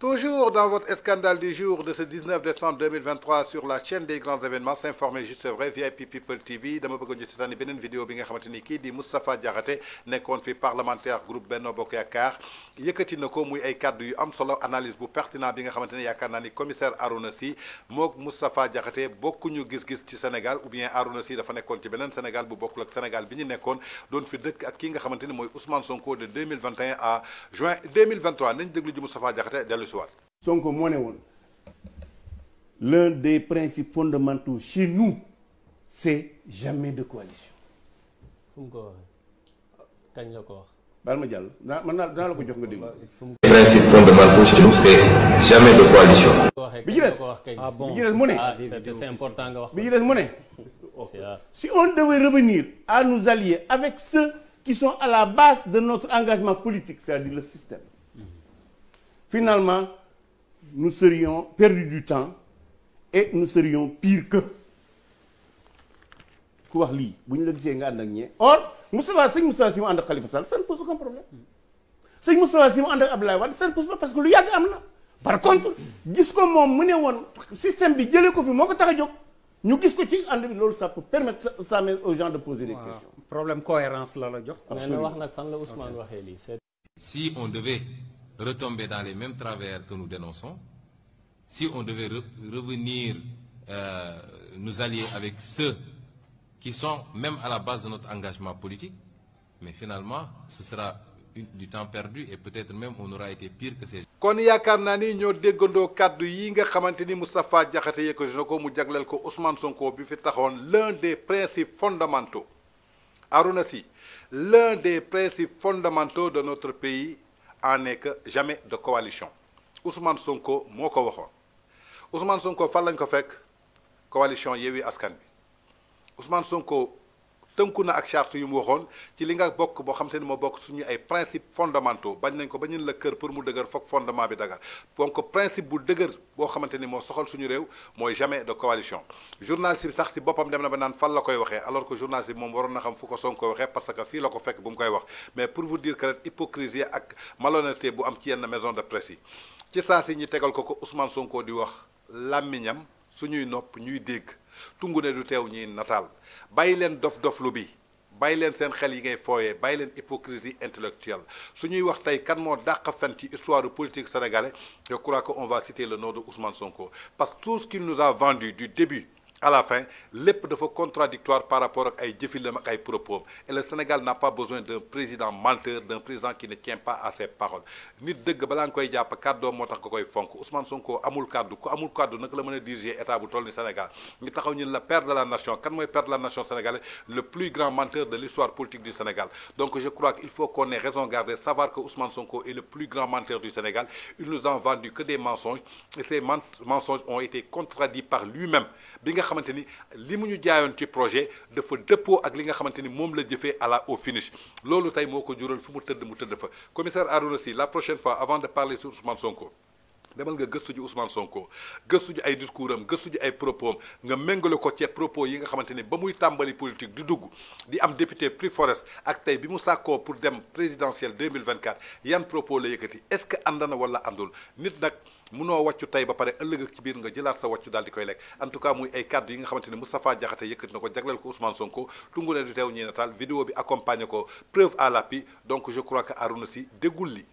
Toujours dans votre scandale du jour de ce 19 décembre 2023 sur la chaîne des grands événements s'informer juste vrai VIP People TV dama bëggoon ñu une vidéo bi nga xamante Diarate, kii di parlementaire groupe Benno Bokk yëkkati na ko muy ay kàddu yu am solo analyse bu pertinent bi nga xamante ne yaakaar naa ni commissaire Arouna Sy mook Moustapha Diakhaté bokkuñu gis-gis ci Sénégal ou bien Arunasi, Sy dafa nekkoon ci beneen Sénégal bu bokkul ak Sénégal bi ñu nekkoon doon fi dëkk ak ki nga xamante ni mooy Ousmane Sonko de 2021 à juin 2023 nañ déglu ji Moustapha Diakhaté dellu si waat Sonko moo ne woon l'un des principes fondamentaux chez nous c'est jamais de coalition fu mu ko waxee kañ la ko wax baal ma jàll naa mën la ko chez nous c'est jamais de coalition. bi ah bon ah, c'est important si on devait revenir à nous allier avec ceux qui sont à la base de notre engagement politique c'est-à-dire le système. finalement nous serions perdus du temps et nous serions pires que ku wax vous ne le la pas, or. Moustapha sëñ Moustapha si mu ànd Khalifa Sall ça ne pose aucun problème sëñ Moustapha si mu ànd Abdoulaye Wade ça ne pose pas parce que lu yag amna par contre gis ko mom mune won système bi jëlé ko fi moko ko tax a jóg ñu gis ko ci ànd bi ça peut permettre aux gens de poser des questions problème cohérence là, la jox mais wax nag fan la Ousmane waxee lii si on devait retomber dans les mêmes travers que nous dénonçons si on devait re revenir euh, nous allier avec ceux qui sont même à la base de notre engagement politique, mais finalement, ce sera du temps perdu et peut-être même on aura été pire que ces kon yaakaar naa ni ñoo déggandoo kàddu yi nga xamante ni Moustapha Diakhaté yëkkati na ko mu jagleel ko Ousmane Sonko bi fi taxoon l'un des principes fondamentaux Arouna Sy l'un des principes fondamentaux de notre pays en est que jamais de coalition Ousmane Sonko moo ko waxoon Ousmane Sonko fan lañ ko fekk coalition yewi Askan Ousmane Sonko tënku na ak charte yu mu waxoon ci li nga bokk boo xam te ni moo bokk suñu ay principes fondamentaux bañ nañ ko ba la kër pour mu dëgër foog fondement bi dagar donc principe bu dëgër boo xamante ni moo soxal suñu réew mooy jamais de coalition journaliste bi sax si boppam dem na ba naan fan la koy waxee alors que journaliste bi moom waroon na xam fu ko Sonko waxee parce que fii la ko fekk bu mu koy wax mais pour vous dire que ren hypocrisie ak malhonnêteté bu am ci yenn maison de presse yi ci saa si ñu tegal ko ko Ousmane Sonko di wax làmmiñam suñuy nopp ñuy dégg tungu ne du est ñi Natal, bàyyi leen dof-dof lu bi bàyyi leen seen xel yi ngay foyé faire hypocrisie intellectuelle suñuy wax tay kan mo dàq fen histoire politique sénégalais je crois qu'on va citer le nom de Ousmane Sonko parce que tout ce qu'il nous a vendu du début à la fin de vos contradictoires par rapport à ay propos et le Sénégal n'a pas besoin d'un président menteur d'un président qui ne tient pas à ses paroles nit de balaa nga koy jàpp fonk Ousmane Sonko Amoul kàddu ku amul kàddu naka la diriger état Sénégal Nous taxaw le la père de la nation Quand nous père la nation sénégalaise le plus grand menteur de l'histoire politique du Sénégal donc je crois qu'il faut qu'on ait raison garder savoir que Ousmane Sonko est le plus grand menteur du Sénégal il nous a vendu que des mensonges et ces mensonges ont été contradits par lui-même xamante ni li mu ñu jaayoon ci projet dafa dëppoo ak li nga xamante ni moom la jëfee à la au finish loolu tey moo ko jural fu mu tëdd mu tëdd fa commissaire Arouna la prochaine fois avant de parler sur Ousmane Sonko. demal nga gëstu ji Ousmane Sonko gëstu ji ay discours am gëstu ji ay propos am nga méngale ko ci propos yi nga xamante ni ba muy tàmbali politique di dugg di am député prix forest ak tey bi mu sàkkoo pour dem présidentielle 2024 yan propos la yëkkati est-ce que andana wala àndul nit nag. munoo wàccu tey ba pare ëllëg ak ci biir nga jëlaat sa wàccu daal di koy lekk en tout cas muy ay kàddu yi nga xamante ni Moustapha Diakhaté ko jagleel ko Ousmane Sonko tungu ne du teew ñi nataal vidéo bi accompagné ko preuve à l'appui donc je crois que Arouna Sy déggul li